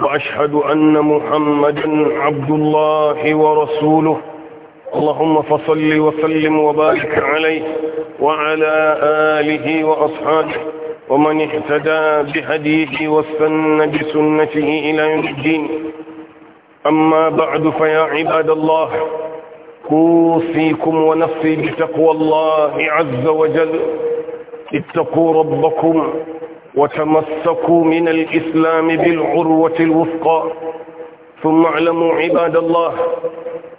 وأشهد أن محمدا عبد الله ورسوله اللهم فصل وسلم وبارك عليه وعلى آله وأصحابه ومن اهتدى بهديه واستنى بسنته إلى يوم الدين أما بعد فيا عباد الله أوصيكم ونفسي بتقوى الله عز وجل اتقوا ربكم وتمسكوا من الإسلام بالعروة الوثقى ثم اعلموا عباد الله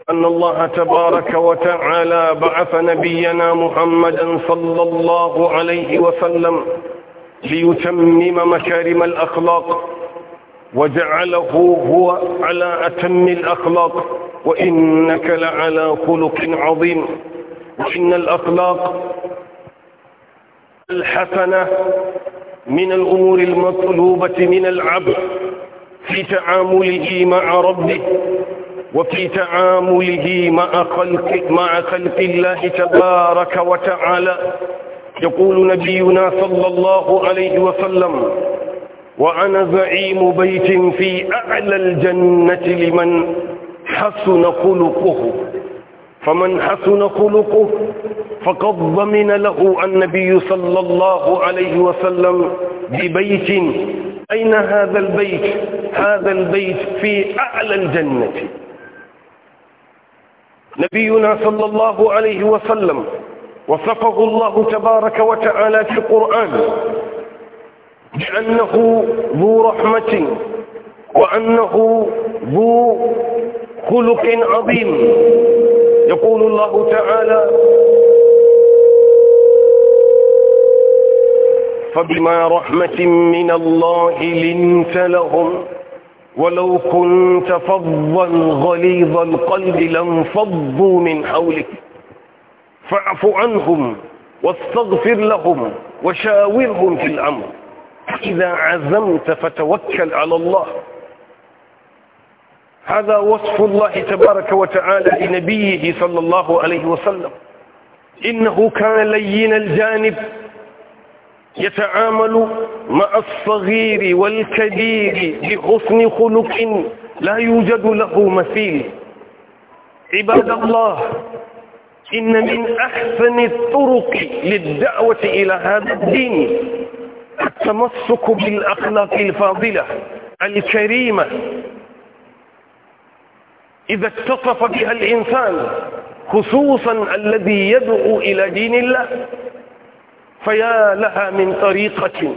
أن الله تبارك وتعالى بعث نبينا محمدا صلى الله عليه وسلم ليتمم مكارم الأخلاق وجعله هو على أتم الأخلاق وإنك لعلى خلق عظيم وإن الأخلاق الحسنة من الأمور المطلوبة من العبد في تعامله مع ربه وفي تعامله مع خلق, مع خلق الله تبارك وتعالى يقول نبينا صلى الله عليه وسلم وأنا زعيم بيت في أعلى الجنة لمن حسن خلقه فمن حسن خلقه فقد ضمن له النبي صلى الله عليه وسلم ببيت أين هذا البيت هذا البيت في أعلى الجنة نبينا صلى الله عليه وسلم وصفه الله تبارك وتعالى في القرآن بأنه ذو رحمة وأنه ذو خلق عظيم يقول الله تعالى فبما رحمة من الله لنت لهم ولو كنت فظا غليظ القلب لانفضوا من حولك فاعف عنهم واستغفر لهم وشاورهم في الأمر إذا عزمت فتوكل على الله هذا وصف الله تبارك وتعالى لنبيه صلى الله عليه وسلم إنه كان لين الجانب يتعامل مع الصغير والكبير بحسن خلق لا يوجد له مثيل عباد الله إن من أحسن الطرق للدعوة إلى هذا الدين التمسك بالأخلاق الفاضلة الكريمة إذا اتصف بها الإنسان خصوصا الذي يدعو إلى دين الله فيا لها من طريقة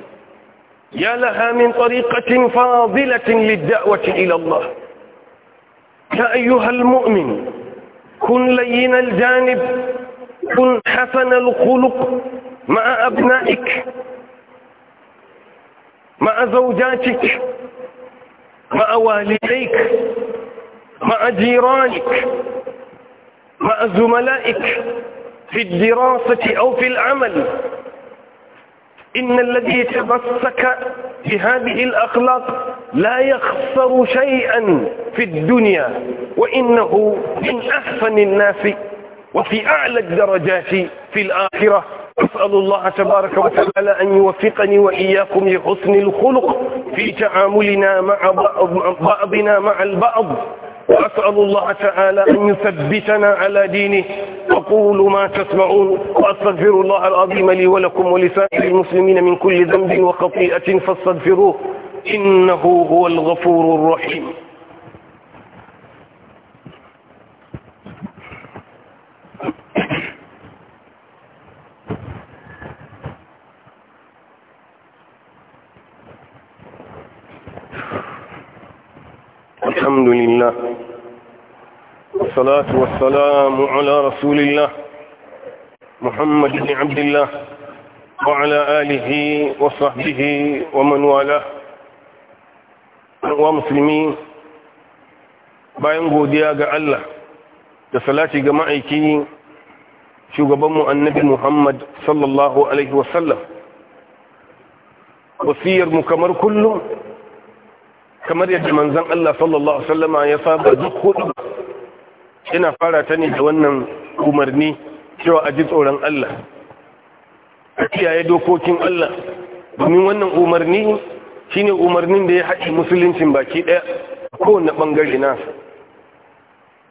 يا لها من طريقة فاضلة للدعوة إلى الله يا أيها المؤمن كن لين الجانب كن حسن الخلق مع أبنائك مع زوجاتك مع والديك مع جيرانك مع زملائك في الدراسة أو في العمل إن الذي تمسك بهذه الأخلاق لا يخسر شيئا في الدنيا وإنه من أحسن الناس وفي أعلى الدرجات في الآخرة أسأل الله تبارك وتعالى أن يوفقني وإياكم لحسن الخلق في تعاملنا مع بعضنا مع البعض وأسأل الله تعالى أن يثبتنا على دينه أقول ما تسمعون وأستغفر الله العظيم لي ولكم ولسائر المسلمين من كل ذنب وخطيئة فاستغفروه إنه هو الغفور الرحيم الصلاة والسلام على رسول الله محمد بن عبد الله وعلى آله وصحبه ومن والاه ومسلمين بينغو دياغ الله تصلاة جماعيكي شو قبمو النبي محمد صلى الله عليه وسلم وسير مكمر كله كمر يجمن زن الله صلى الله عليه وسلم يصاب دخوله Ina fara ta ne da wannan umarni cewa a ji tsoron Allah a kiyaye dokokin Allah domin wannan umarni shine umarnin da ya haɗe musuluncin baki ɗaya kowane ɓangare nasa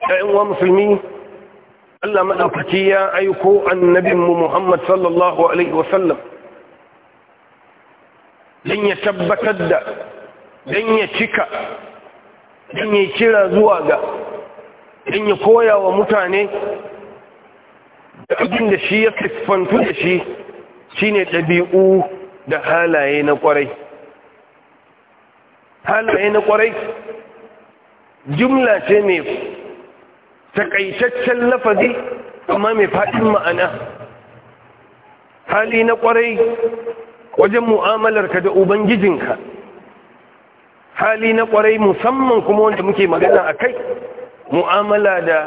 ‘ya'yan wa musulmi Allah maɗaukaki ya aiko mu Muhammad sallallahu Alaihi wasallam don ya tabbatar da don ya cika don ya kira zuwa ga in ya koya wa mutane da abin da shi ya siffantu da shi shi ne ɗabi'u da halaye na ƙwarai halaye na ƙwarai jumla ce mai takaitaccen lafazi amma mai faɗin ma'ana hali na ƙwarai wajen mu'amalarka da ubangijinka hali na ƙwarai musamman kuma wanda muke magana a kai mu'amala da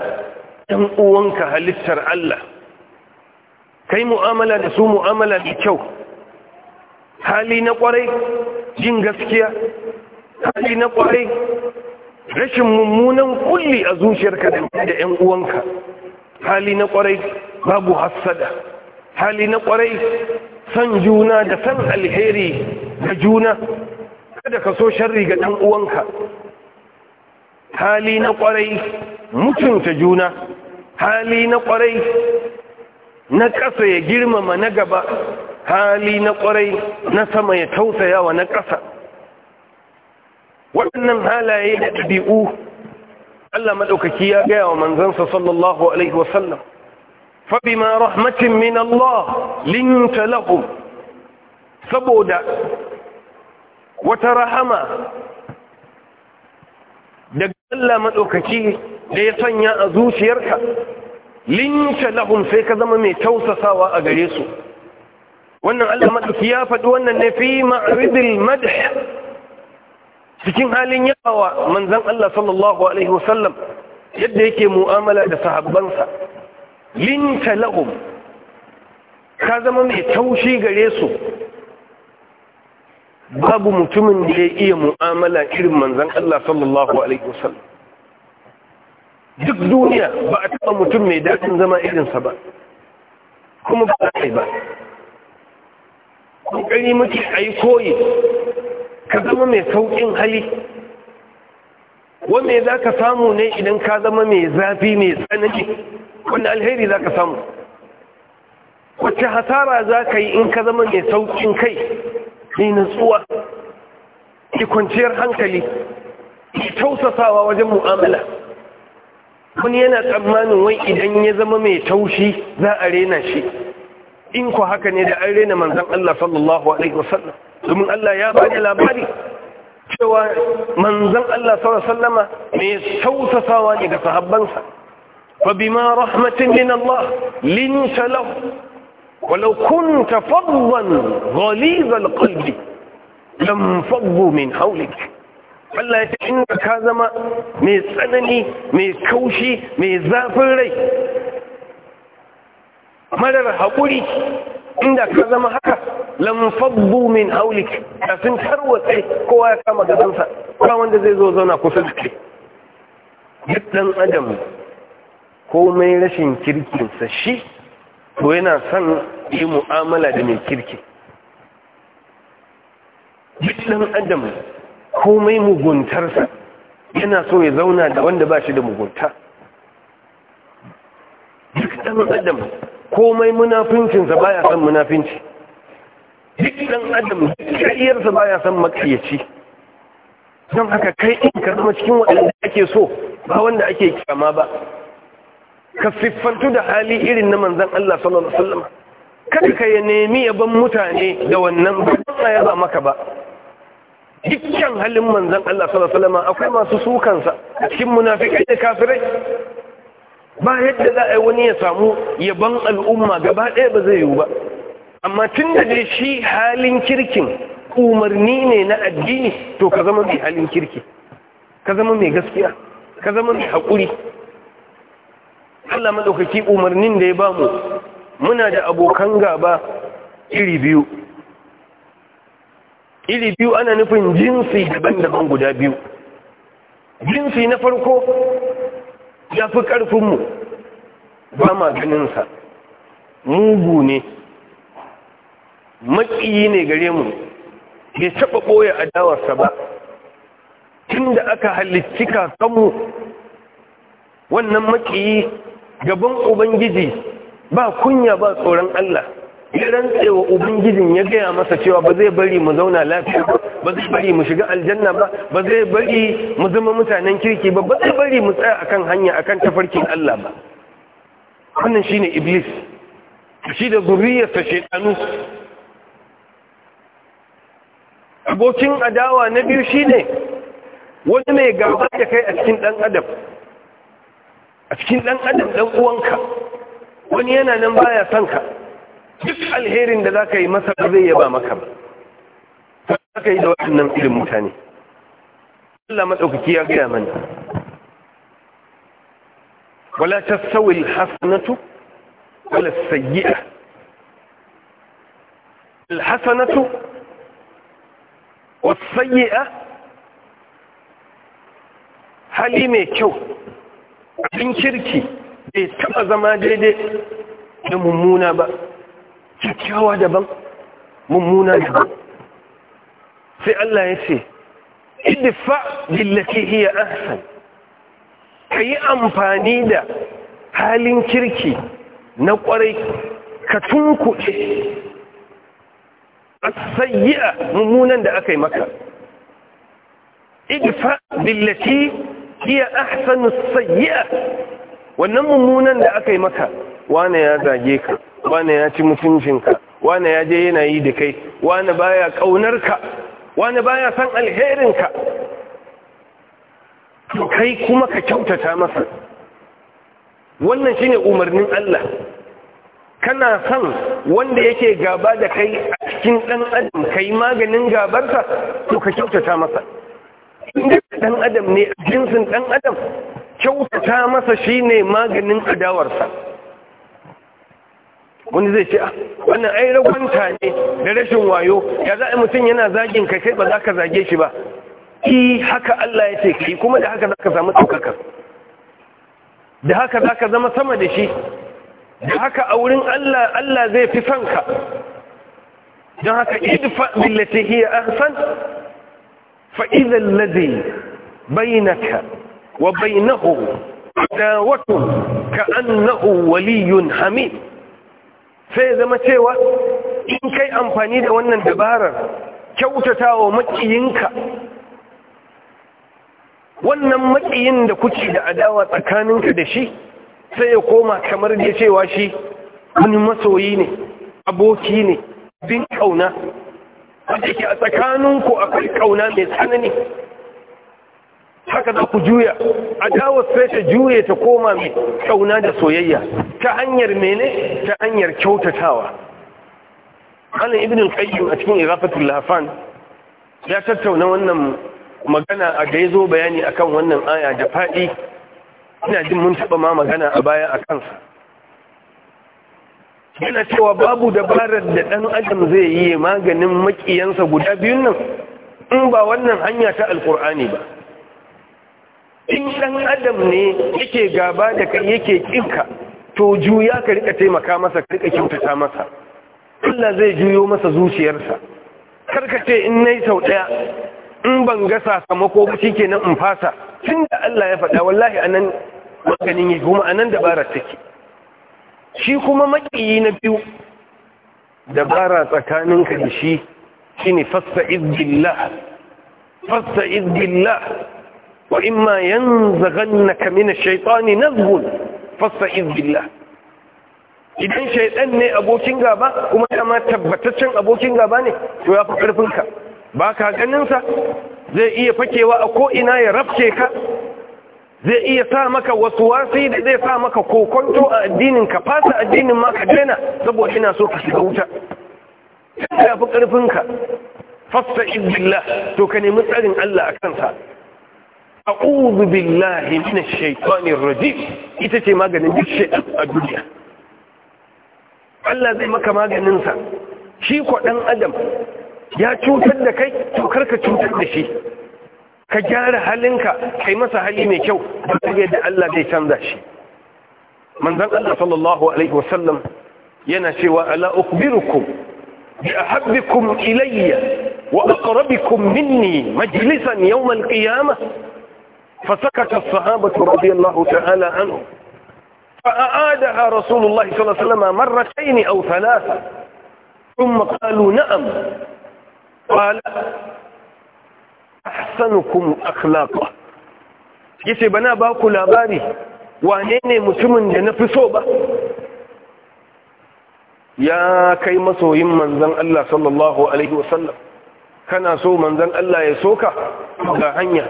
ɗan uwanka halittar Allah kai mu'amala da su mu'amala da kyau hali na ƙwarai jin gaskiya hali na ƙwarai rashin mummunan kulli a zuciyarka da ‘yan uwanka hali na ƙwarai babu hassada hali na ƙwarai san juna da san alheri ga juna kada ka so sharri ga ɗan uwanka hali na kwarai mutunta juna hali na kwarai na ƙasa ya girmama na gaba hali na kwarai na sama ya tausaya wa na ƙasa waɗannan halaye da ɗabi'u Allah maɗaukaki ya gaya wa manzansa sallallahu alaihi wasallam فبما رحمة من الله لنت Saboda wata rahama. Allah maɗaukaki da ya sanya a zuciyarka linta lahum sai ka zama mai tausasawa a gare su wannan Allah maɗauki ya faɗi wannan na fi ma'ridil madh cikin halin yawa manzon Allah sallallahu alaihi wasallam yadda yake mu'amala da sahabbansa linta lahum ka zama mai taushi gare su babu mutumin da ya iya mu'amala irin manzan Allah sallallahu alaihi wasallam duk duniya ba a taɓa mutum mai daɗin zama irinsa ba kuma ba a kai ba ƙoƙari muke a yi koyi ka zama mai sauƙin hali wanda za ka samu ne idan ka zama mai zafi mai tsanani wanda alheri za ka samu wacce hasara za ka yi in ka zama mai sauƙin kai mai nutsuwa ki kwanciyar hankali ki tausasawa wajen mu'amala wani yana tsammanin wai idan ya zama mai taushi za a rena shi in ku haka ne da an rena manzan Allah sallallahu alaihi wasallam domin Allah ya bada labari cewa manzan Allah sallallahu sallama mai tausasawa ne ga sahabbansa fa bima rahmatin min Allah linta lahu ولو كنت فظا غليظ القلب لم فضوا من حولك Allah ya ce inda ka zama mai tsanani mai kaushi mai zafin rai marar haƙuri inda ka zama haka lamfabbu min haulik da sun tarwatse kowa ya kama gabansa ba wanda zai zo zauna kusa da kai duk ɗan adam komai rashin kirkinsa shi to yana son yi mu'amala da mai kirki duk ɗan adam komai muguntarsa yana so ya zauna da wanda ba shi da mugunta duk ɗan adam komai munafincinsa ba ya son munafinci duk ɗan adam ba ya son makayyaci don haka kai in ka zama cikin waɗanda ake so ba wanda ake kyama ba ka siffantu da hali irin na manzan Allah sallallahu alaihi wasallam kada ka ya nemi yaban mutane da wannan ba a yaba maka ba dukkan halin manzan Allah sallallahu alaihi wasallam akwai masu sukansa a cikin munafikai da kafirai ba yadda za a yi wani ya samu yaban al'umma gaba ɗaya ba zai yiwu ba amma tun da dai shi halin kirkin umarni ne na addini to ka zama mai halin kirki ka zama mai gaskiya ka zama mai haƙuri Allah madaukaki umarnin da ya ba mu muna da abokan gaba iri biyu iri biyu ana nufin jinsi daban-daban guda biyu jinsi na farko ya fi ƙarfinmu ba ma ganinsa mugu ne maƙiyi ne gare mu bai taɓa ɓoye adawarsa ba tun da aka halittika kakanmu wannan maƙiyi gaban ubangiji ba kunya ba tsoron Allah ya rantsewa ubangijin ya gaya masa cewa ba zai bari mu zauna lafiya ba ba zai bari mu shiga aljanna ba ba zai bari mu zama mutanen kirki ba ba zai bari mu tsaya akan hanya akan tafarkin Allah ba wannan shine iblis shi da zuriyarsa shedanu abokin adawa na biyu shine wani mai gaba da kai a cikin dan adam a cikin ɗan adam ɗan uwanka wani yana nan baya son ka duk alherin da za ka yi masa ba zai yaba maka ba Ta za ka yi da waɗannan irin mutane Allah matsaukaki ya gaya mana wala ta sauyi hasanatu wala sayyi'a alhasanatu wasayyi'a hali mai kyau abin kirki bai taba zama daidai da mummuna ba kyakkyawa daban mummuna daban sai Allah ya ce idfa billati hiya ahsan yi amfani da halin kirki na kwarai ka tunkuɗe as a mummunan da aka yi maka idfa billati hiya ahsanu sayyi'a wannan mummunan da aka yi maka wane ya zage ka wane ya ci mutuncinka wane ya je yana yi da kai wane baya kaunarka wane baya san alherinka to kai kuma ka kyautata masa wannan shine umarnin Allah kana san wanda yake gaba da kai a cikin dan adam kai maganin gabarsa to ka kyautata masa dan adam ne jinsin dan adam kyautata masa shi ne maganin adawarsa wani zai ce ah, wannan ai ragwanta ne da rashin wayo ya za a mutum yana zagin kai kai ba za ka zage shi ba ki haka Allah ya ce ki kuma da haka za ka samu ɗaukakar da haka za ka zama sama da shi da haka a wurin Allah Allah zai fi son ka don haka idfa billatihi hiya ahsan فإذا الذي بينك ka عداوة كأنه ولي حميد sai zama cewa in kai amfani da wannan dabarar kyautata wa makiyinka wannan makiyin da kuke da adawa tsakaninka da shi sai ya koma kamar da cewa shi wani masoyi ne aboki ne bin kauna wanda ke a tsakaninku akwai kauna mai tsanani haka za ku juya a dawo sai ta juye ta koma mai kauna da soyayya ta hanyar mene ta hanyar kyautatawa hannun ibn al a cikin irafatul lafan ya tattauna wannan magana a da yazo bayani akan wannan aya da faɗi. ina jin mun taba ma magana a baya a kansa. yana cewa babu dabarar da ɗan adam zai yi maganin makiyansa guda biyun nan in ba wannan hanya ta alkur'ani ba in ɗan adam ne yake gaba da kai yake ƙinka to juya ka rika taimaka masa ka rika kyautata masa Allah zai juyo masa zuciyarsa ce in nayi sau ɗaya in ban ga sakamako ba shikenan in fasa tunda Allah ya faɗa wallahi anan maganin yi kuma anan dabarar take shi kuma maƙiyi na biyu dabara tsakaninka da shi shi ne fasta izgilla fasta izgilla wa imma yanzaghannaka kamina shaitani na nazghun fasta izgilla idan shaidan ne abokin gaba kuma dama tabbataccen abokin gaba ne to ya fi karfinka ba ka ganinsa zai iya fakewa a ko'ina ya rafke ka zai iya sa maka wasu wasi da zai sa maka kokonto a addinin ka fasa addinin ma ka saboda ina so ka shiga wuta ya fi ƙarfinka fasta ibillah to ka nemi tsarin Allah a kansa a'udhu billahi minash shaitanir rajim ita ce maganin duk shaitan a duniya Allah zai maka maganinsa. sa shi ko adam ya cutar da kai to karka cutar da shi ka gyara halinka kai masa hali mai kyau don yadda Allah zai canza shi manzon Allah sallallahu alaihi wasallam yana cewa ala ukhbirukum bi ahabbikum ilayya wa aqrabikum minni majlisan yawm al-qiyamah فسكت الصحابة رضي الله تعالى عنهم فأعادها رسول الله صلى الله عليه وسلم مرتين أو ثلاثة ثم قالوا نعم قال ahsanukum akhlaqa yace bana ba ku labari wane ne mutumin da nafi so ba ya kai masoyin manzon Allah sallallahu alaihi wasallam kana so manzon Allah ya soka ga hanya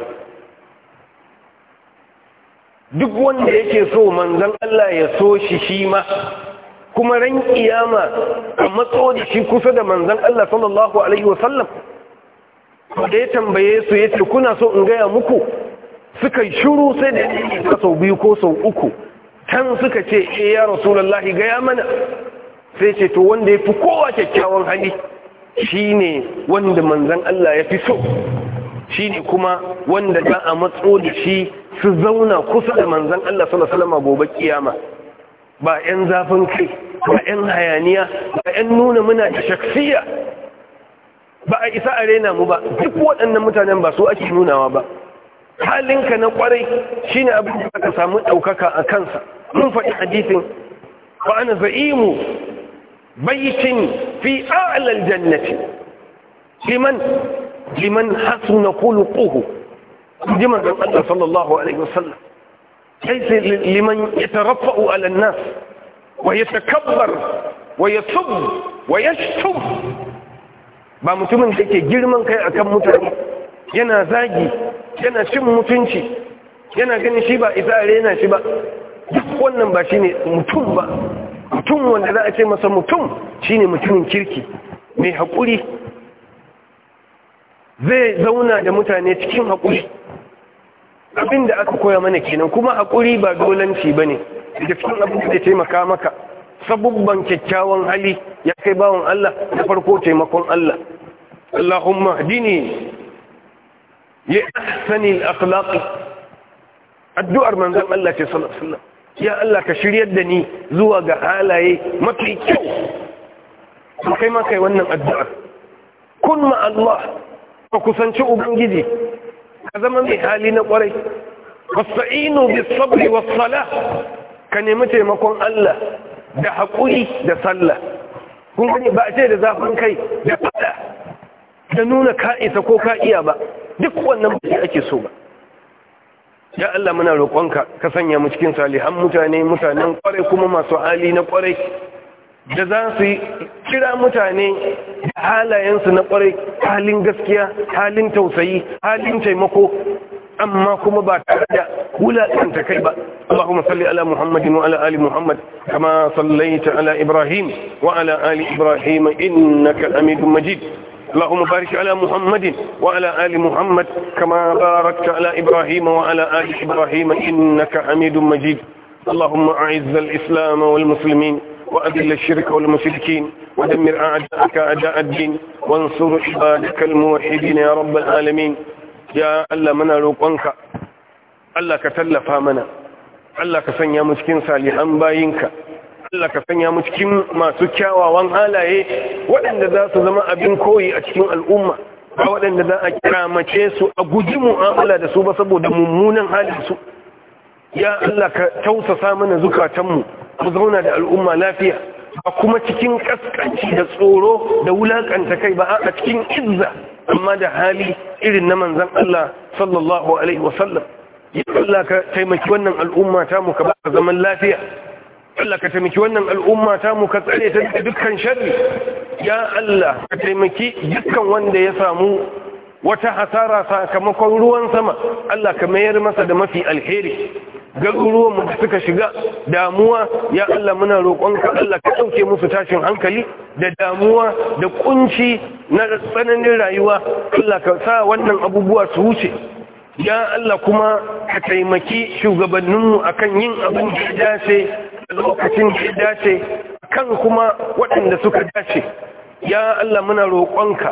duk wanda yake so manzon Allah ya so shi shi ma kuma ran kiyama a matso da shi kusa da manzon Allah sallallahu alaihi wasallam kada da ya tambaye su ya ce kuna so in gaya muku suka yi shuru sai da ya sau biyu ko sau uku can suka ce e ya rasulallahi gaya mana sai ce to wanda ya fi kowa kyakkyawan hali shine wanda manzan Allah ya fi so shine kuma wanda za a matso da shi su zauna kusa da manzan Allah sallallahu gobe kiyama ba 'yan zafin kai ba 'yan hayaniya ba 'yan nuna muna da shaksiya ba a isa a rena mu ba duk waɗannan mutanen ba su ake nunawa ba halinka na kwarai shine abin da aka samu ɗaukaka a kansa mun faɗi hadisin wa ana za'imu baitin fi a'lal jannati liman liman hasuna khuluquhu jiman dan Allah sallallahu alaihi wasallam ليس لمن wa على الناس ويتكبر ويسب ويشتم ba mutumin da ke girman kai akan mutane yana zagi yana cin mutunci yana ganin shi ba isa yana shi ba duk wannan ba shi ne mutum ba mutum wanda za a ce masa mutum shi ne mutumin kirki mai haƙuri zai zauna da mutane cikin haƙuri abinda aka koya mana kenan kuma haƙuri ba dolanci ba ne, da cikin abin da ya taimaka maka sabubban kyakkyawan hali ya kai bawan Allah da farko taimakon Allah Allahumma dini li ahsani al-akhlaq addu'ar manzon Allah ce sallallahu alaihi wasallam ya Allah ka shiryar da ni zuwa ga halaye mafi kyau kai ma kai wannan addu'ar kun ma Allah ka kusanci ubangiji ka zama mai hali na kwarai wasta'inu bis sabri was salah ka nemi taimakon Allah da haƙuri da sallah kun gani ba a ce da zafin kai da fada da nuna ka isa ko ka iya ba duk wannan ba ake so ba ya Allah muna roƙonka ka sanya mu cikin salihan mutane mutanen ƙwarai kuma masu hali na ƙwarai da za su yi kira mutane da halayensu na ƙwarai, halin gaskiya halin tausayi halin taimako أما كما ba ولا أنت كيبا اللهم صل على محمد وعلى آل محمد كما صليت على إبراهيم وعلى آل إبراهيم إنك أميد مجيد اللهم بارك على محمد وعلى آل محمد كما باركت على إبراهيم وعلى آل إبراهيم إنك حميد مجيد اللهم أعز الإسلام والمسلمين وأذل الشرك والمشركين ودمر أعداءك أعداء الدين وانصر عبادك الموحدين يا رب العالمين ya Allah muna roƙonka Allah ka tallafa mana Allah ka sanya mu cikin salihan bayinka Allah ka sanya mu cikin masu kyawawan halaye waɗanda za su zama abin koyi a cikin al'umma ba waɗanda za a kiramace su a guji mu'amala da su ba saboda mummunan halin su ya Allah ka tausasa mana zukatanmu mu zauna da al'umma lafiya A kuma cikin kaskanci da tsoro da wulakanta kai ba a cikin izza amma da hali irin na manzan Allah sallallahu alaihi wasallam ya Allah ka taimaki wannan al'umma ta mu ka ba ka zaman lafiya Allah ka taimaki wannan al'umma ta mu ka tsare ta daga dukkan sharri ya Allah ka taimaki dukkan wanda ya samu wata hasara sakamakon ruwan sama Allah ka mayar masa da mafi alheri garuruwan mu suka shiga damuwa ya Allah muna roƙonka Allah ka ɗauke musu tashin hankali da damuwa da kunci na tsananin rayuwa Allah ka sa wannan abubuwa su wuce ya Allah kuma ka taimaki shugabanninmu akan yin abin da ya dace a lokacin da ya dace kan kuma waɗanda suka dace ya Allah muna roƙonka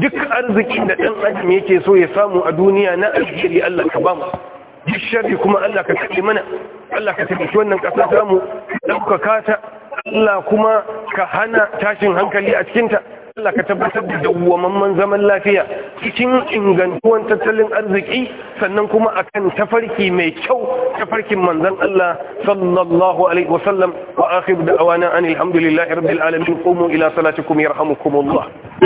duk arzikin da ɗan adam yake so ya samu a duniya na alheri Allah ka bamu duk sharri kuma Allah ka tafi mana Allah ka tafi wannan ƙasar samu ɗaukaka ta Allah kuma ka hana tashin hankali a cikinta Allah ka tabbatar da dawwamamman zaman lafiya cikin ingantuwan tattalin arziki sannan kuma akan tafarki mai kyau tafarkin manzon Allah sallallahu alaihi wasallam wa akhiru da'wana anil hamdulillahi rabbil alamin qumu ila salatikum yarhamukumullah